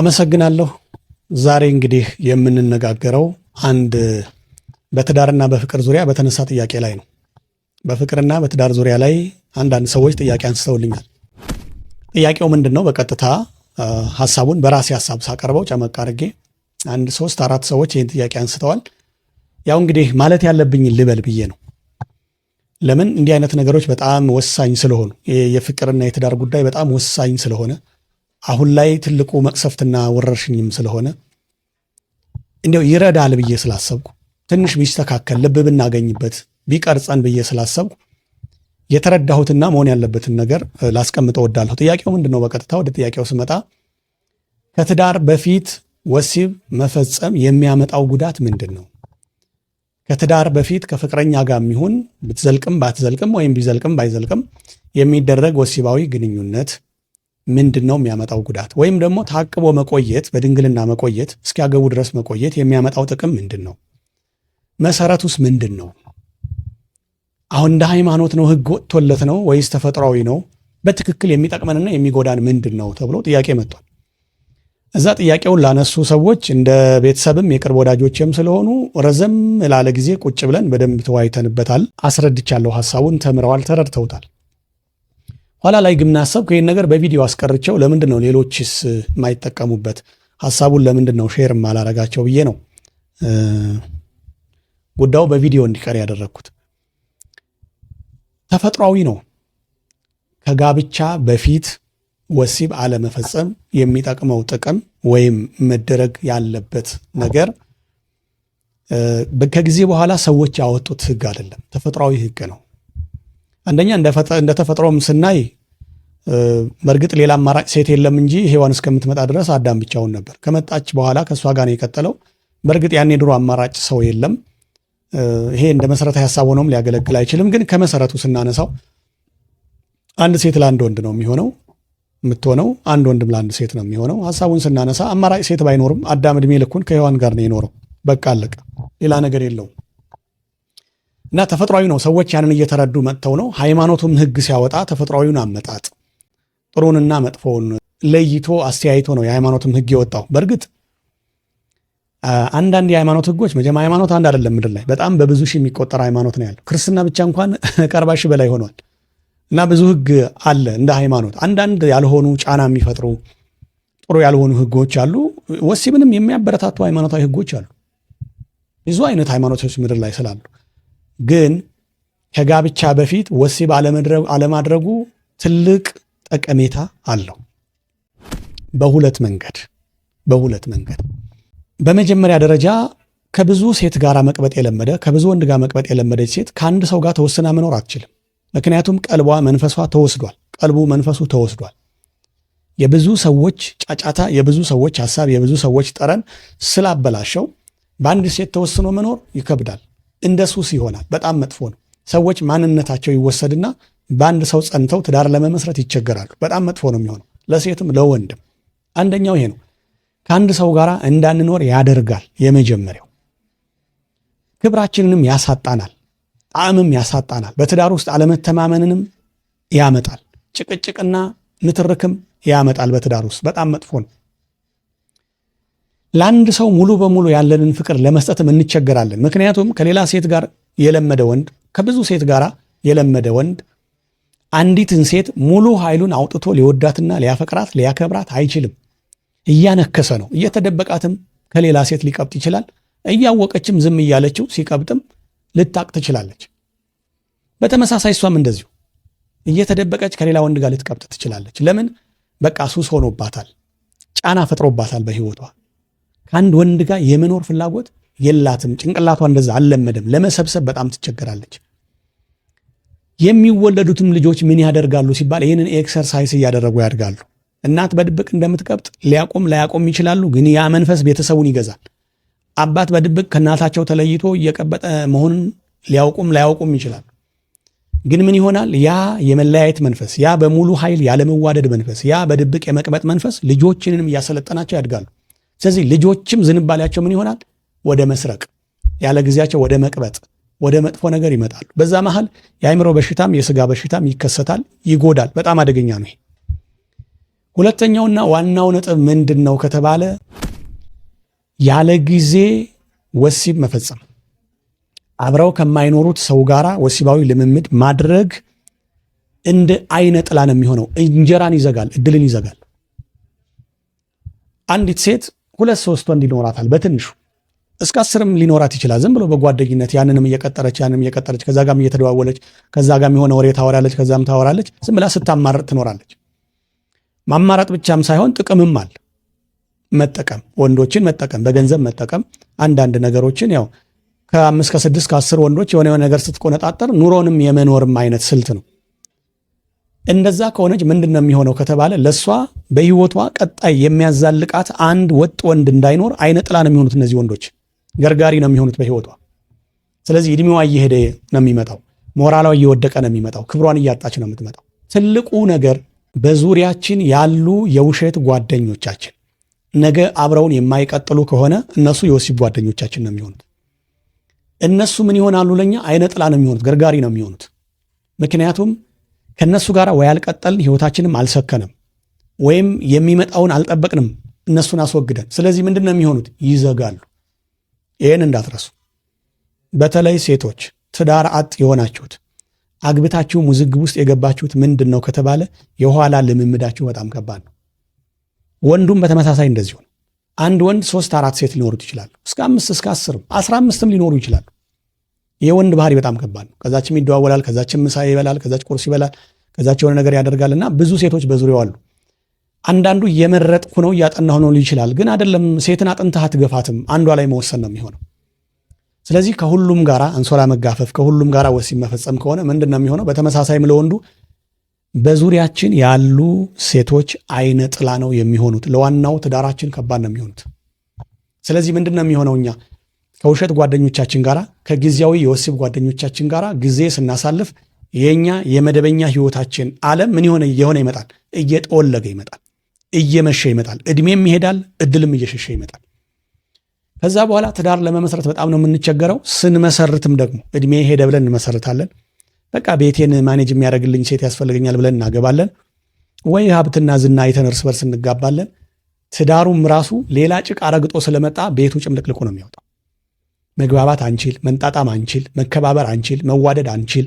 አመሰግናለሁ። ዛሬ እንግዲህ የምንነጋገረው አንድ በትዳርና በፍቅር ዙሪያ በተነሳ ጥያቄ ላይ ነው። በፍቅርና በትዳር ዙሪያ ላይ አንዳንድ ሰዎች ጥያቄ አንስተውልኛል። ጥያቄው ምንድን ነው? በቀጥታ ሀሳቡን በራሴ ሀሳብ ሳቀርበው ጨመቅ አድርጌ አንድ ሶስት አራት ሰዎች ይህን ጥያቄ አንስተዋል። ያው እንግዲህ ማለት ያለብኝ ልበል ብዬ ነው። ለምን እንዲህ አይነት ነገሮች በጣም ወሳኝ ስለሆኑ የፍቅርና የትዳር ጉዳይ በጣም ወሳኝ ስለሆነ አሁን ላይ ትልቁ መቅሰፍትና ወረርሽኝም ስለሆነ እንዲያው ይረዳል ብዬ ስላሰብኩ ትንሽ ቢስተካከል ልብ ብናገኝበት ቢቀርጸን ብዬ ስላሰብኩ የተረዳሁትና መሆን ያለበትን ነገር ላስቀምጠ ወዳለሁ። ጥያቄው ምንድን ነው? በቀጥታ ወደ ጥያቄው ስመጣ ከትዳር በፊት ወሲብ መፈጸም የሚያመጣው ጉዳት ምንድን ነው? ከትዳር በፊት ከፍቅረኛ ጋር የሚሆን ብትዘልቅም ባትዘልቅም ወይም ቢዘልቅም ባይዘልቅም የሚደረግ ወሲባዊ ግንኙነት ምንድን ነው የሚያመጣው ጉዳት? ወይም ደግሞ ታቅቦ መቆየት በድንግልና መቆየት እስኪያገቡ ድረስ መቆየት የሚያመጣው ጥቅም ምንድን ነው? መሰረቱስ ምንድን ነው? አሁን እንደ ሃይማኖት ነው ህግ ወጥቶለት ነው ወይስ ተፈጥሯዊ ነው? በትክክል የሚጠቅመንና የሚጎዳን ምንድን ነው ተብሎ ጥያቄ መጥቷል። እዛ ጥያቄውን ላነሱ ሰዎች እንደ ቤተሰብም የቅርብ ወዳጆችም ስለሆኑ ረዘም ላለ ጊዜ ቁጭ ብለን በደንብ ተወያይተንበታል። አስረድቻለሁ። ሀሳቡን ተምረዋል፣ ተረድተውታል። ኋላ ላይ ግን ምናሰብኩ ይህን ነገር በቪዲዮ አስቀርቸው ለምንድን ነው ሌሎችስ የማይጠቀሙበት ሀሳቡን ለምንድን ነው ሼር ማላረጋቸው ብዬ ነው ጉዳዩ በቪዲዮ እንዲቀር ያደረግኩት። ተፈጥሯዊ ነው። ከጋብቻ በፊት ወሲብ አለመፈጸም የሚጠቅመው ጥቅም ወይም መደረግ ያለበት ነገር ከጊዜ በኋላ ሰዎች ያወጡት ህግ አይደለም፣ ተፈጥሯዊ ህግ ነው። አንደኛ እንደ ተፈጥሮም ስናይ በእርግጥ ሌላ አማራጭ ሴት የለም እንጂ ሔዋን እስከምትመጣ ድረስ አዳም ብቻውን ነበር። ከመጣች በኋላ ከእሷ ጋር ነው የቀጠለው። በእርግጥ ያኔ ድሮ አማራጭ ሰው የለም። ይሄ እንደ መሰረታዊ ሀሳብ ሆኖም ሊያገለግል አይችልም። ግን ከመሰረቱ ስናነሳው አንድ ሴት ለአንድ ወንድ ነው የሚሆነው የምትሆነው፣ አንድ ወንድም ለአንድ ሴት ነው የሚሆነው። ሀሳቡን ስናነሳ አማራጭ ሴት ባይኖርም አዳም እድሜ ልኩን ከሔዋን ጋር ነው የኖረው። በቃ አለቀ። ሌላ ነገር የለውም። እና ተፈጥሯዊ ነው። ሰዎች ያንን እየተረዱ መጥተው ነው። ሃይማኖቱም ህግ ሲያወጣ ተፈጥሯዊውን አመጣጥ ጥሩንና መጥፎውን ለይቶ አስተያይቶ ነው የሃይማኖትም ህግ የወጣው። በእርግጥ አንዳንድ የሃይማኖት ህጎች መጀመ ሃይማኖት አንድ አይደለም ምድር ላይ በጣም በብዙ ሺህ የሚቆጠር ሃይማኖት ነው ያለው። ክርስትና ብቻ እንኳን ከአርባ ሺህ በላይ ሆኗል። እና ብዙ ህግ አለ እንደ ሃይማኖት። አንዳንድ ያልሆኑ ጫና የሚፈጥሩ ጥሩ ያልሆኑ ህጎች አሉ። ወሲብንም የሚያበረታቱ ሃይማኖታዊ ህጎች አሉ። ብዙ አይነት ሃይማኖቶች ምድር ላይ ስላሉ ግን ከጋብቻ በፊት ወሲብ አለማድረጉ ትልቅ ጠቀሜታ አለው። በሁለት መንገድ በሁለት መንገድ በመጀመሪያ ደረጃ ከብዙ ሴት ጋር መቅበጥ የለመደ ከብዙ ወንድ ጋር መቅበጥ የለመደች ሴት ከአንድ ሰው ጋር ተወስና መኖር አትችልም። ምክንያቱም ቀልቧ መንፈሷ ተወስዷል። ቀልቡ መንፈሱ ተወስዷል። የብዙ ሰዎች ጫጫታ፣ የብዙ ሰዎች ሀሳብ፣ የብዙ ሰዎች ጠረን ስላበላሸው በአንድ ሴት ተወስኖ መኖር ይከብዳል። እንደ ሱስ ይሆናል። በጣም መጥፎ ነው። ሰዎች ማንነታቸው ይወሰድና በአንድ ሰው ጸንተው ትዳር ለመመስረት ይቸገራሉ። በጣም መጥፎ ነው የሚሆነው ለሴትም ለወንድም። አንደኛው ይሄ ነው። ከአንድ ሰው ጋር እንዳንኖር ያደርጋል። የመጀመሪያው ክብራችንንም ያሳጣናል፣ ጣዕምም ያሳጣናል። በትዳር ውስጥ አለመተማመንንም ያመጣል። ጭቅጭቅና ንትርክም ያመጣል። በትዳር ውስጥ በጣም መጥፎ ነው። ለአንድ ሰው ሙሉ በሙሉ ያለንን ፍቅር ለመስጠትም እንቸገራለን። ምክንያቱም ከሌላ ሴት ጋር የለመደ ወንድ ከብዙ ሴት ጋር የለመደ ወንድ አንዲትን ሴት ሙሉ ኃይሉን አውጥቶ ሊወዳትና ሊያፈቅራት ሊያከብራት አይችልም። እያነከሰ ነው። እየተደበቃትም ከሌላ ሴት ሊቀብጥ ይችላል። እያወቀችም ዝም እያለችው ሲቀብጥም ልታቅ ትችላለች። በተመሳሳይ እሷም እንደዚሁ እየተደበቀች ከሌላ ወንድ ጋር ልትቀብጥ ትችላለች። ለምን? በቃ ሱስ ሆኖባታል፣ ጫና ፈጥሮባታል በህይወቷ። ከአንድ ወንድ ጋር የመኖር ፍላጎት የላትም። ጭንቅላቷ እንደዛ አልለመደም። ለመሰብሰብ በጣም ትቸገራለች። የሚወለዱትም ልጆች ምን ያደርጋሉ ሲባል ይህንን ኤክሰርሳይስ እያደረጉ ያድጋሉ። እናት በድብቅ እንደምትቀብጥ ሊያቆም ላያቆም ይችላሉ፣ ግን ያ መንፈስ ቤተሰቡን ይገዛል። አባት በድብቅ ከእናታቸው ተለይቶ እየቀበጠ መሆኑን ሊያውቁም ላያውቁም ይችላሉ። ግን ምን ይሆናል? ያ የመለያየት መንፈስ፣ ያ በሙሉ ኃይል ያለመዋደድ መንፈስ፣ ያ በድብቅ የመቅበጥ መንፈስ ልጆችንንም እያሰለጠናቸው ያድጋሉ። ስለዚህ ልጆችም ዝንባሌያቸው ምን ይሆናል? ወደ መስረቅ፣ ያለ ጊዜያቸው ወደ መቅበጥ፣ ወደ መጥፎ ነገር ይመጣሉ። በዛ መሃል የአእምሮ በሽታም የስጋ በሽታም ይከሰታል፣ ይጎዳል። በጣም አደገኛ ነው። ሁለተኛውና ዋናው ነጥብ ምንድን ነው ከተባለ ያለ ጊዜ ወሲብ መፈጸም፣ አብረው ከማይኖሩት ሰው ጋራ ወሲባዊ ልምምድ ማድረግ እንደ አይነ ጥላ ነው የሚሆነው። እንጀራን ይዘጋል፣ እድልን ይዘጋል። አንዲት ሴት ሁለት ሶስት ወንድ ይኖራታል በትንሹ እስከ አስርም ሊኖራት ይችላል። ዝም ብሎ በጓደኝነት ያንንም እየቀጠረች ያንንም እየቀጠረች ከዛ ጋም እየተደዋወለች ከዛ ጋም የሆነ ወሬ ታወራለች፣ ከዛም ታወራለች። ዝም ብላ ስታማረጥ ትኖራለች። ማማረጥ ብቻም ሳይሆን ጥቅምም አለ። መጠቀም፣ ወንዶችን መጠቀም፣ በገንዘብ መጠቀም፣ አንዳንድ ነገሮችን ያው ከአምስት ከስድስት ከአስር ወንዶች የሆነ ነገር ስትቆነጣጠር ኑሮንም የመኖርም አይነት ስልት ነው። እንደዛ ከሆነች ምንድን ነው የሚሆነው ከተባለ ለእሷ በህይወቷ ቀጣይ የሚያዛልቃት አንድ ወጥ ወንድ እንዳይኖር አይነ ጥላ ነው የሚሆኑት እነዚህ ወንዶች፣ ገርጋሪ ነው የሚሆኑት በህይወቷ። ስለዚህ እድሜዋ እየሄደ ነው የሚመጣው፣ ሞራሏ እየወደቀ ነው የሚመጣው፣ ክብሯን እያጣች ነው የምትመጣው። ትልቁ ነገር በዙሪያችን ያሉ የውሸት ጓደኞቻችን ነገ አብረውን የማይቀጥሉ ከሆነ እነሱ የወሲብ ጓደኞቻችን ነው የሚሆኑት። እነሱ ምን ይሆናሉ? ለኛ አይነ ጥላ ነው የሚሆኑት፣ ገርጋሪ ነው የሚሆኑት። ምክንያቱም ከእነሱ ጋር ወይ አልቀጠልን፣ ህይወታችንም አልሰከንም፣ ወይም የሚመጣውን አልጠበቅንም፣ እነሱን አስወግደን። ስለዚህ ምንድን ነው የሚሆኑት? ይዘጋሉ። ይህን እንዳትረሱ። በተለይ ሴቶች ትዳር አጥ የሆናችሁት አግብታችሁ ውዝግብ ውስጥ የገባችሁት ምንድን ነው ከተባለ የኋላ ልምምዳችሁ በጣም ከባድ ነው። ወንዱም በተመሳሳይ እንደዚሁ ነው። አንድ ወንድ ሶስት አራት ሴት ሊኖሩት ይችላሉ። እስከ አምስት እስከ አስርም አስራ አምስትም ሊኖሩ ይችላሉ። የወንድ ባህሪ በጣም ከባድ ነው። ከዛችም ይደዋወላል፣ ከዛችም ምሳ ይበላል፣ ከዛች ቁርስ ይበላል፣ ከዛች የሆነ ነገር ያደርጋል እና ብዙ ሴቶች በዙሪያው አሉ። አንዳንዱ የመረጥኩ ነው እያጠናሁ ነው ይችላል፣ ግን አይደለም ሴትን አጥንተህ አትገፋትም። አንዷ ላይ መወሰን ነው የሚሆነው። ስለዚህ ከሁሉም ጋራ አንሶላ መጋፈፍ፣ ከሁሉም ጋራ ወሲብ መፈጸም ከሆነ ምንድን ነው የሚሆነው? በተመሳሳይም ለወንዱ በዙሪያችን ያሉ ሴቶች አይነ ጥላ ነው የሚሆኑት። ለዋናው ትዳራችን ከባድ ነው የሚሆኑት። ስለዚህ ምንድን ነው የሚሆነው እኛ ከውሸት ጓደኞቻችን ጋር ከጊዜያዊ የወሲብ ጓደኞቻችን ጋር ጊዜ ስናሳልፍ የኛ የመደበኛ ህይወታችን ዓለም ምን የሆነ እየሆነ ይመጣል፣ እየጠወለገ ይመጣል፣ እየመሸ ይመጣል፣ እድሜም ይሄዳል፣ እድልም እየሸሸ ይመጣል። ከዛ በኋላ ትዳር ለመመስረት በጣም ነው የምንቸገረው። ስንመሰርትም ደግሞ እድሜ ሄደ ብለን እንመሰርታለን። በቃ ቤቴን ማኔጅ የሚያደርግልኝ ሴት ያስፈልገኛል ብለን እናገባለን። ወይ ሀብትና ዝና አይተን እርስ በርስ እንጋባለን። ትዳሩም ራሱ ሌላ ጭቃ ረግጦ ስለመጣ ቤቱ ጭምልቅልቁ ነው የሚያወጣው። መግባባት አንችል፣ መንጣጣም አንችል፣ መከባበር አንችል፣ መዋደድ አንችል።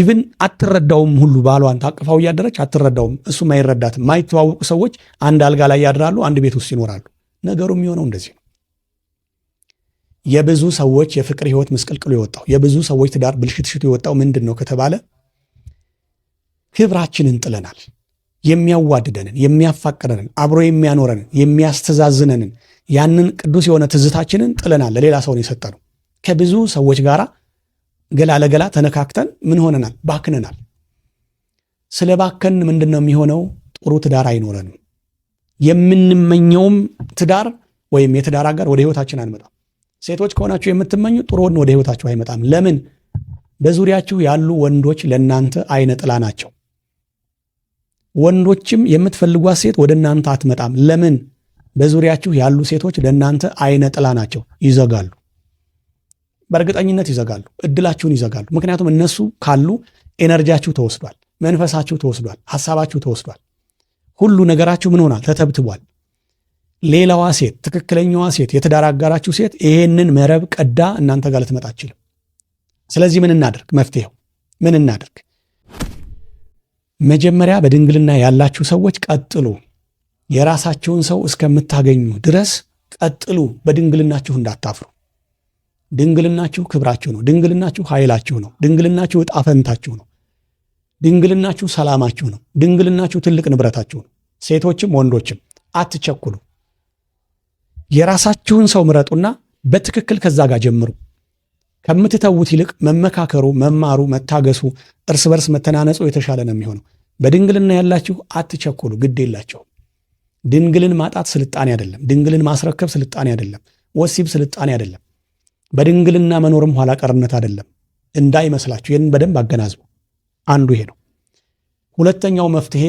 ኢቭን አትረዳውም ሁሉ ባሏን ታቅፋው እያደረች አትረዳውም፣ እሱም አይረዳትም። የማይተዋወቁ ሰዎች አንድ አልጋ ላይ ያድራሉ፣ አንድ ቤት ውስጥ ይኖራሉ። ነገሩ የሚሆነው እንደዚህ ነው። የብዙ ሰዎች የፍቅር ህይወት ምስቅልቅሉ የወጣው የብዙ ሰዎች ትዳር ብልሽትሽቱ የወጣው ምንድን ነው ከተባለ ክብራችንን ጥለናል። የሚያዋድደንን፣ የሚያፋቅረንን፣ አብሮ የሚያኖረንን፣ የሚያስተዛዝነንን ያንን ቅዱስ የሆነ ትዝታችንን ጥለናል፣ ለሌላ ሰውን ነው የሰጠነው። ከብዙ ሰዎች ጋር ገላ ለገላ ተነካክተን ምን ሆነናል? ባክነናል። ስለ ባከን ምንድን ነው የሚሆነው? ጥሩ ትዳር አይኖረንም። የምንመኘውም ትዳር ወይም የትዳር አጋር ወደ ህይወታችን አንመጣም። ሴቶች ከሆናችሁ የምትመኙ ጥሩ ወደ ህይወታችሁ አይመጣም። ለምን? በዙሪያችሁ ያሉ ወንዶች ለእናንተ አይነ ጥላ ናቸው። ወንዶችም የምትፈልጓት ሴት ወደ እናንተ አትመጣም። ለምን? በዙሪያችሁ ያሉ ሴቶች ለእናንተ አይነ ጥላ ናቸው። ይዘጋሉ፣ በእርግጠኝነት ይዘጋሉ፣ እድላችሁን ይዘጋሉ። ምክንያቱም እነሱ ካሉ ኤነርጂያችሁ ተወስዷል፣ መንፈሳችሁ ተወስዷል፣ ሀሳባችሁ ተወስዷል። ሁሉ ነገራችሁ ምን ሆናል? ተተብትቧል። ሌላዋ ሴት፣ ትክክለኛዋ ሴት፣ የትዳር አጋራችሁ ሴት ይሄንን መረብ ቀዳ እናንተ ጋር ልትመጣ አትችልም። ስለዚህ ምን እናድርግ? መፍትሄው ምን እናደርግ? መጀመሪያ በድንግልና ያላችሁ ሰዎች ቀጥሉ። የራሳቸውን ሰው እስከምታገኙ ድረስ ቀጥሉ። በድንግልናችሁ እንዳታፍሩ። ድንግልናችሁ ክብራችሁ ነው። ድንግልናችሁ ኃይላችሁ ነው። ድንግልናችሁ ዕጣ ፈንታችሁ ነው። ድንግልናችሁ ሰላማችሁ ነው። ድንግልናችሁ ትልቅ ንብረታችሁ ነው። ሴቶችም ወንዶችም አትቸኩሉ። የራሳችሁን ሰው ምረጡና በትክክል ከዛ ጋር ጀምሩ። ከምትተዉት ይልቅ መመካከሩ፣ መማሩ፣ መታገሱ፣ እርስ በርስ መተናነጹ የተሻለ ነው የሚሆነው። በድንግልና ያላችሁ አትቸኩሉ፣ ግድ የላቸው። ድንግልን ማጣት ስልጣኔ አይደለም። ድንግልን ማስረከብ ስልጣኔ አይደለም። ወሲብ ስልጣኔ አይደለም። በድንግልና መኖርም ኋላ ቀርነት አይደለም እንዳይመስላችሁ። ይህን በደንብ አገናዝቡ። አንዱ ይሄ ነው። ሁለተኛው መፍትሄ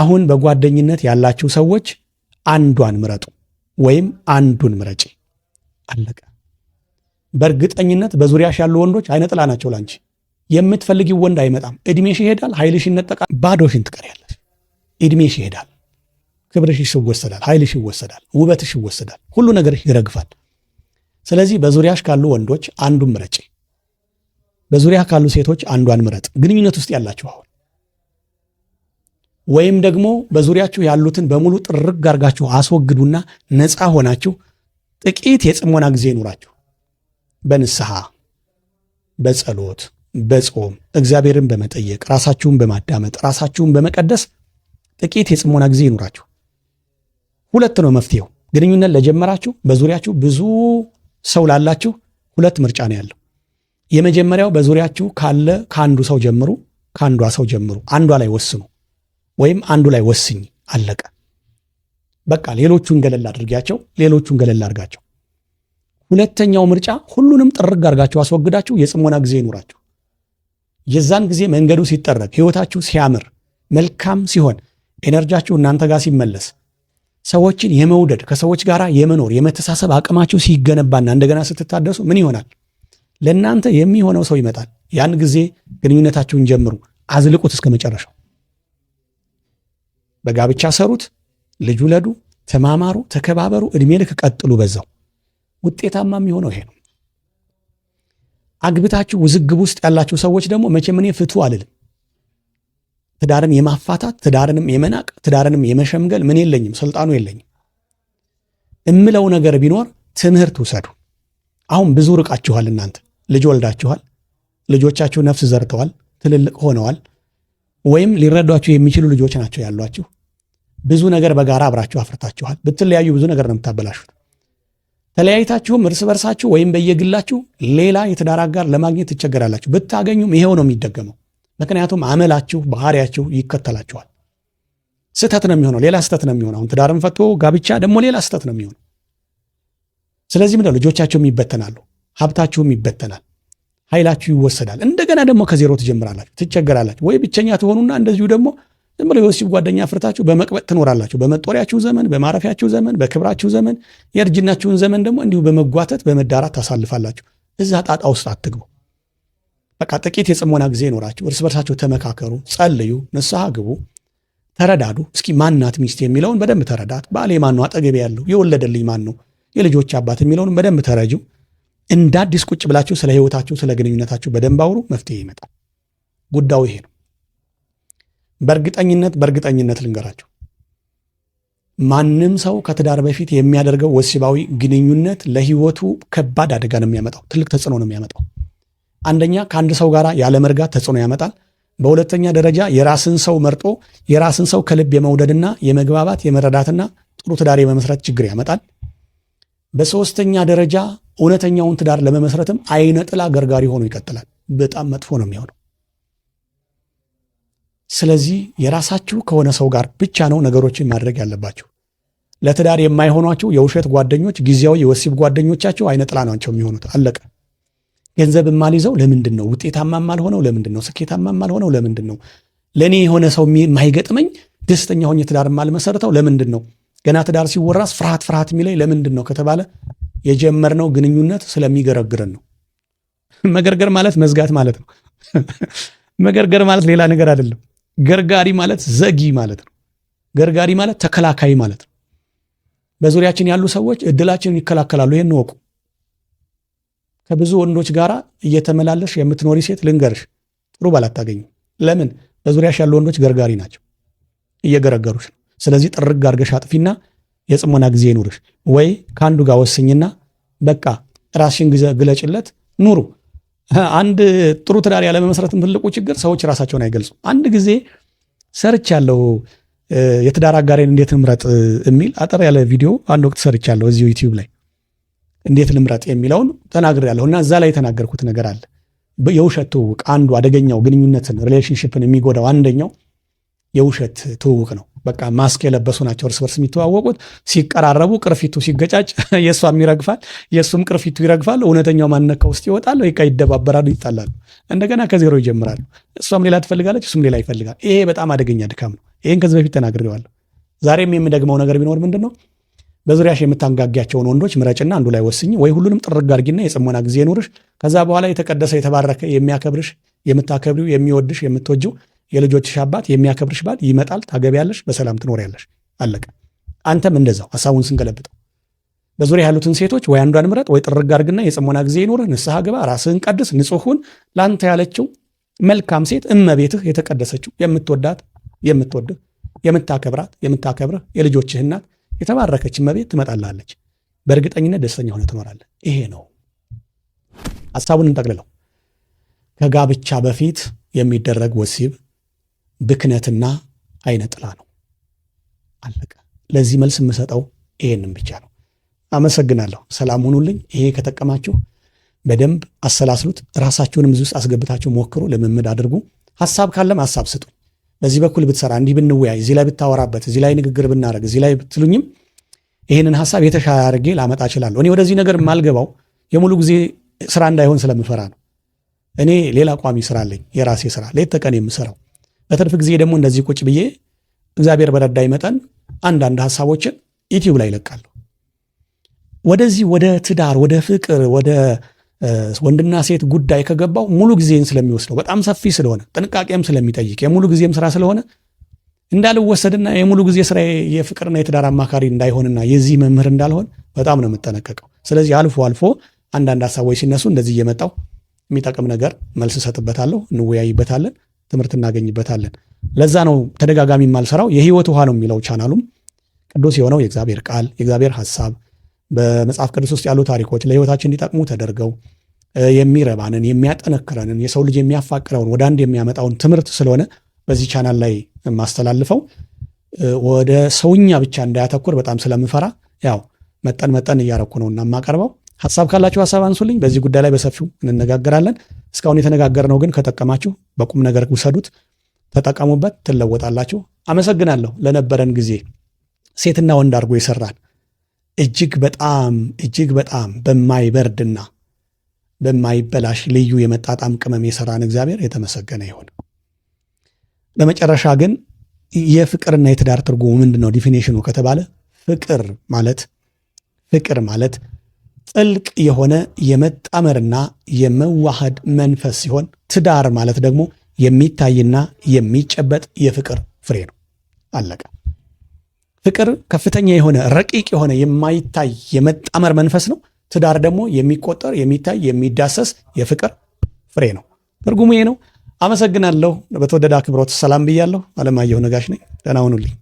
አሁን በጓደኝነት ያላችሁ ሰዎች አንዷን ምረጡ ወይም አንዱን ምረጪ። አለቀ። በእርግጠኝነት በዙሪያሽ ያሉ ወንዶች አይነጥላ ናቸው ላንቺ። የምትፈልጊው ወንድ አይመጣም። እድሜሽ ይሄዳል፣ ኃይልሽ ይነጠቃል፣ ባዶሽን ትቀሪያለሽ። እድሜሽ ይሄዳል። ክብርሽ ይወሰዳል፣ ኃይልሽ ይወሰዳል፣ ውበትሽ ይወሰዳል፣ ሁሉ ነገርሽ ይረግፋል። ስለዚህ በዙሪያሽ ካሉ ወንዶች አንዱን ምረጭ። በዙሪያ ካሉ ሴቶች አንዷን ምረጥ። ግንኙነት ውስጥ ያላችሁ አሁን ወይም ደግሞ በዙሪያችሁ ያሉትን በሙሉ ጥርግ አርጋችሁ አስወግዱና ነፃ ሆናችሁ ጥቂት የጽሞና ጊዜ ይኑራችሁ በንስሐ በጸሎት በጾም እግዚአብሔርን በመጠየቅ ራሳችሁን በማዳመጥ ራሳችሁን በመቀደስ ጥቂት የጽሞና ጊዜ ይኑራችሁ። ሁለት ነው መፍትሄው። ግንኙነት ለጀመራችሁ በዙሪያችሁ ብዙ ሰው ላላችሁ ሁለት ምርጫ ነው ያለው። የመጀመሪያው በዙሪያችሁ ካለ ከአንዱ ሰው ጀምሩ፣ ከአንዷ ሰው ጀምሩ። አንዷ ላይ ወስኑ ወይም አንዱ ላይ ወስኝ። አለቀ በቃ። ሌሎቹን ገለል አድርጊያቸው፣ ሌሎቹን ገለል አድርጋቸው። ሁለተኛው ምርጫ ሁሉንም ጥርግ አድርጋችሁ አስወግዳችሁ የጽሞና ጊዜ ይኑራችሁ። የዛን ጊዜ መንገዱ ሲጠረግ፣ ህይወታችሁ ሲያምር፣ መልካም ሲሆን፣ ኤነርጃችሁ እናንተ ጋር ሲመለስ ሰዎችን የመውደድ ከሰዎች ጋር የመኖር የመተሳሰብ አቅማችሁ ሲገነባና እንደገና ስትታደሱ ምን ይሆናል? ለእናንተ የሚሆነው ሰው ይመጣል። ያን ጊዜ ግንኙነታችሁን ጀምሩ፣ አዝልቁት እስከ መጨረሻው። በጋብቻ ሰሩት፣ ልጅ ውለዱ፣ ተማማሩ፣ ተከባበሩ፣ እድሜ ልክ ቀጥሉ በዛው። ውጤታማ የሚሆነው ይሄ ነው። አግብታችሁ ውዝግብ ውስጥ ያላችሁ ሰዎች ደግሞ መቼም እኔ ፍቱ አልልም ትዳርን የማፋታት ትዳርንም የመናቅ ትዳርንም የመሸምገል ምን የለኝም፣ ስልጣኑ የለኝም። እምለው ነገር ቢኖር ትምህርት ውሰዱ። አሁን ብዙ ርቃችኋል። እናንተ ልጅ ወልዳችኋል። ልጆቻችሁ ነፍስ ዘርተዋል፣ ትልልቅ ሆነዋል። ወይም ሊረዷችሁ የሚችሉ ልጆች ናቸው ያሏችሁ። ብዙ ነገር በጋራ አብራችሁ አፍርታችኋል። ብትለያዩ ብዙ ነገር ነው የምታበላሹት። ተለያይታችሁም እርስ በርሳችሁ ወይም በየግላችሁ ሌላ የትዳር አጋር ለማግኘት ትቸገራላችሁ። ብታገኙም ይሄው ነው የሚደገመው። ምክንያቱም አመላችሁ ባህሪያችሁ ይከተላችኋል። ስህተት ነው የሚሆነው፣ ሌላ ስህተት ነው የሚሆነው። አሁን ትዳርም ፈቶ ጋብቻ ደግሞ ሌላ ስህተት ነው የሚሆነው። ስለዚህ ምንድነው ልጆቻችሁም ይበተናሉ፣ ሀብታችሁም ይበተናል፣ ኃይላችሁ ይወሰዳል። እንደገና ደግሞ ከዜሮ ትጀምራላችሁ፣ ትቸገራላችሁ። ወይ ብቸኛ ትሆኑና እንደዚሁ ደግሞ ዝም ብሎ የወሲብ ጓደኛ ፍርታችሁ በመቅበጥ ትኖራላችሁ። በመጦሪያችሁ ዘመን፣ በማረፊያችሁ ዘመን፣ በክብራችሁ ዘመን፣ የእርጅናችሁን ዘመን ደግሞ እንዲሁ በመጓተት በመዳራት ታሳልፋላችሁ። እዛ ጣጣ ውስጥ አትግቡ። በቃ ጥቂት የጽሞና ጊዜ ኖራቸው እርስ በርሳቸው ተመካከሩ፣ ጸልዩ፣ ንስሐ ግቡ፣ ተረዳዱ። እስኪ ማናት ሚስት የሚለውን በደንብ ተረዳት። ባሌ ማን ነው? አጠገቤ ያለው የወለደልኝ ማን ነው? የልጆች አባት የሚለውን በደንብ ተረጁ። እንደ አዲስ ቁጭ ብላችሁ ስለ ህይወታችሁ፣ ስለ ግንኙነታችሁ በደንብ አውሩ። መፍትሄ ይመጣል። ጉዳዩ ይሄ ነው። በእርግጠኝነት በእርግጠኝነት ልንገራችሁ ማንም ሰው ከትዳር በፊት የሚያደርገው ወሲባዊ ግንኙነት ለህይወቱ ከባድ አደጋ ነው የሚያመጣው። ትልቅ ተጽዕኖ ነው የሚያመጣው። አንደኛ ከአንድ ሰው ጋር ያለመርጋት ተጽዕኖ ያመጣል። በሁለተኛ ደረጃ የራስን ሰው መርጦ የራስን ሰው ከልብ የመውደድና የመግባባት የመረዳትና ጥሩ ትዳር የመመስረት ችግር ያመጣል። በሶስተኛ ደረጃ እውነተኛውን ትዳር ለመመስረትም አይነ ጥላ ገርጋሪ ሆኖ ይቀጥላል። በጣም መጥፎ ነው የሚሆነው። ስለዚህ የራሳችሁ ከሆነ ሰው ጋር ብቻ ነው ነገሮችን ማድረግ ያለባችሁ። ለትዳር የማይሆኗቸው የውሸት ጓደኞች፣ ጊዜያዊ የወሲብ ጓደኞቻቸው አይነ ጥላ ናቸው የሚሆኑት። አለቀ። ገንዘብ የማልይዘው ለምንድን ነው? ውጤታማ የማልሆነው ለምንድን ነው? ስኬታማ የማልሆነው ለምንድን ነው? ለእኔ የሆነ ሰው የማይገጥመኝ ደስተኛ ሆኜ ትዳር የማልመሰርተው ለምንድን ነው? ገና ትዳር ሲወራስ ፍርሃት ፍርሃት የሚለኝ ለምንድን ነው ከተባለ የጀመርነው ግንኙነት ስለሚገረግረን ነው። መገርገር ማለት መዝጋት ማለት ነው። መገርገር ማለት ሌላ ነገር አይደለም። ገርጋሪ ማለት ዘጊ ማለት ነው። ገርጋሪ ማለት ተከላካይ ማለት ነው። በዙሪያችን ያሉ ሰዎች እድላችንን ይከላከላሉ። ይህን እወቁ። ከብዙ ወንዶች ጋር እየተመላለሽ የምትኖሪ ሴት ልንገርሽ፣ ጥሩ ባል አታገኝም። ለምን? በዙሪያሽ ያሉ ወንዶች ገርጋሪ ናቸው፣ እየገረገሩሽ ነው። ስለዚህ ጥርግ አድርገሽ አጥፊና የጽሞና ጊዜ ይኑርሽ። ወይ ከአንዱ ጋር ወስኝና በቃ ራስሽን ግለጭለት፣ ኑሩ። አንድ ጥሩ ትዳር ያለመመስረትም ትልቁ ችግር ሰዎች ራሳቸውን አይገልጹም። አንድ ጊዜ ያለው የትዳር አጋሬን እንዴት እምረጥ የሚል አጠር ያለ ቪዲዮ አንድ ወቅት ያለው እዚሁ ዩቲዩብ ላይ እንዴት ልምረጥ የሚለውን ተናግሬያለሁ እና እዛ ላይ የተናገርኩት ነገር አለ። የውሸት ትውውቅ አንዱ አደገኛው ግንኙነትን ሪሌሽንሽፕን የሚጎዳው አንደኛው የውሸት ትውውቅ ነው። በቃ ማስክ የለበሱ ናቸው እርስ በርስ የሚተዋወቁት። ሲቀራረቡ ቅርፊቱ ሲገጫጭ የእሷም ይረግፋል፣ የእሱም ቅርፊቱ ይረግፋል። እውነተኛው ማነካ ውስጥ ይወጣል። በቃ ይደባበራሉ፣ ይጣላሉ፣ እንደገና ከዜሮ ይጀምራሉ። እሷም ሌላ ትፈልጋለች፣ እሱም ሌላ ይፈልጋል። ይሄ በጣም አደገኛ ድካም ነው። ይህን ከዚህ በፊት ተናግሬዋለሁ። ዛሬም የምደግመው ነገር ቢኖር ምንድን ነው በዙሪያሽ የምታንጋጊያቸውን ወንዶች ምረጭና አንዱ ላይ ወስኝ፣ ወይ ሁሉንም ጥርግ አድርጊና የጽሞና ጊዜ ኑርሽ። ከዛ በኋላ የተቀደሰ የተባረከ የሚያከብርሽ የምታከብሪው የሚወድሽ የምትወጂው የልጆችሽ አባት የሚያከብርሽ ባል ይመጣል። ታገቢያለሽ፣ በሰላም ትኖሪያለሽ። አለቀ። አንተም እንደዛው ሀሳቡን ስንገለብጠው በዙሪያ ያሉትን ሴቶች ወይ አንዷን ምረጥ፣ ወይ ጥርግ አድርግና የጽሞና ጊዜ ኑርህ፣ ንስሐ ግባ፣ ራስህን ቀድስ። ንጹሑን ለአንተ ያለችው መልካም ሴት እመቤትህ የተቀደሰችው የምትወዳት የምትወድህ የምታከብራት የምታከብርህ የልጆችህ እናት የተባረከች እመቤት ትመጣላለች። በእርግጠኝነት ደስተኛ ሆነ ትኖራለ። ይሄ ነው ሀሳቡን እንጠቅልለው። ከጋብቻ በፊት የሚደረግ ወሲብ ብክነትና አይነ ጥላ ነው። አለቀ። ለዚህ መልስ የምሰጠው ይሄንን ብቻ ነው። አመሰግናለሁ። ሰላም ሁኑልኝ። ይሄ ከጠቀማችሁ በደንብ አሰላስሉት። ራሳችሁንም እዚህ ውስጥ አስገብታችሁ ሞክሩ፣ ልምምድ አድርጉ። ሀሳብ ካለም ሀሳብ ስጡ። በዚህ በኩል ብትሰራ፣ እንዲህ ብንወያይ፣ እዚህ ላይ ብታወራበት፣ እዚህ ላይ ንግግር ብናደረግ፣ እዚህ ላይ ብትሉኝም ይህንን ሀሳብ የተሻለ አድርጌ ላመጣ እችላለሁ። እኔ ወደዚህ ነገር የማልገባው የሙሉ ጊዜ ስራ እንዳይሆን ስለምፈራ ነው። እኔ ሌላ ቋሚ ስራ አለኝ፣ የራሴ ስራ፣ ሌት ተቀን የምሰራው። በትርፍ ጊዜ ደግሞ እንደዚህ ቁጭ ብዬ እግዚአብሔር በረዳኝ መጠን አንዳንድ ሀሳቦችን ዩቲዩብ ላይ ይለቃለሁ። ወደዚህ ወደ ትዳር፣ ወደ ፍቅር፣ ወደ ወንድና ሴት ጉዳይ ከገባው ሙሉ ጊዜን ስለሚወስደው በጣም ሰፊ ስለሆነ ጥንቃቄም ስለሚጠይቅ የሙሉ ጊዜም ስራ ስለሆነ እንዳልወሰድና የሙሉ ጊዜ ስራ የፍቅርና የትዳር አማካሪ እንዳይሆንና የዚህ መምህር እንዳልሆን በጣም ነው የምጠነቀቀው። ስለዚህ አልፎ አልፎ አንዳንድ ሀሳቦች ሲነሱ እንደዚህ እየመጣው የሚጠቅም ነገር መልስ እሰጥበታለሁ፣ እንወያይበታለን፣ ትምህርት እናገኝበታለን። ለዛ ነው ተደጋጋሚ የማልሰራው። የህይወት ውሃ ነው የሚለው ቻናሉም ቅዱስ የሆነው የእግዚአብሔር ቃል የእግዚአብሔር ሀሳብ በመጽሐፍ ቅዱስ ውስጥ ያሉ ታሪኮች ለህይወታችን እንዲጠቅሙ ተደርገው የሚረባንን የሚያጠነክረንን የሰው ልጅ የሚያፋቅረውን ወደ አንድ የሚያመጣውን ትምህርት ስለሆነ በዚህ ቻናል ላይ የማስተላልፈው ወደ ሰውኛ ብቻ እንዳያተኩር በጣም ስለምፈራ ያው መጠን መጠን እያረኩ ነው እና የማቀርበው። ሀሳብ ካላችሁ ሀሳብ አንሱልኝ። በዚህ ጉዳይ ላይ በሰፊው እንነጋገራለን። እስካሁን የተነጋገርነው ግን ከጠቀማችሁ በቁም ነገር ውሰዱት፣ ተጠቀሙበት፣ ትለወጣላችሁ። አመሰግናለሁ ለነበረን ጊዜ ሴትና ወንድ አድርጎ ይሰራል። እጅግ በጣም እጅግ በጣም በማይበርድና በማይበላሽ ልዩ የመጣጣም ቅመም የሰራን እግዚአብሔር የተመሰገነ ይሁን። በመጨረሻ ግን የፍቅርና የትዳር ትርጉሙ ምንድን ነው? ዲፊኔሽኑ ከተባለ ፍቅር ማለት ፍቅር ማለት ጥልቅ የሆነ የመጣመርና የመዋሃድ መንፈስ ሲሆን ትዳር ማለት ደግሞ የሚታይና የሚጨበጥ የፍቅር ፍሬ ነው። አለቀ። ፍቅር ከፍተኛ የሆነ ረቂቅ የሆነ የማይታይ የመጣመር መንፈስ ነው። ትዳር ደግሞ የሚቆጠር የሚታይ የሚዳሰስ የፍቅር ፍሬ ነው። ትርጉሙ ይሄ ነው። አመሰግናለሁ። በተወደደ አክብሮት ሰላም ብያለሁ። አለማየሁ ነጋሽ ነኝ። ደህና ሁኑልኝ።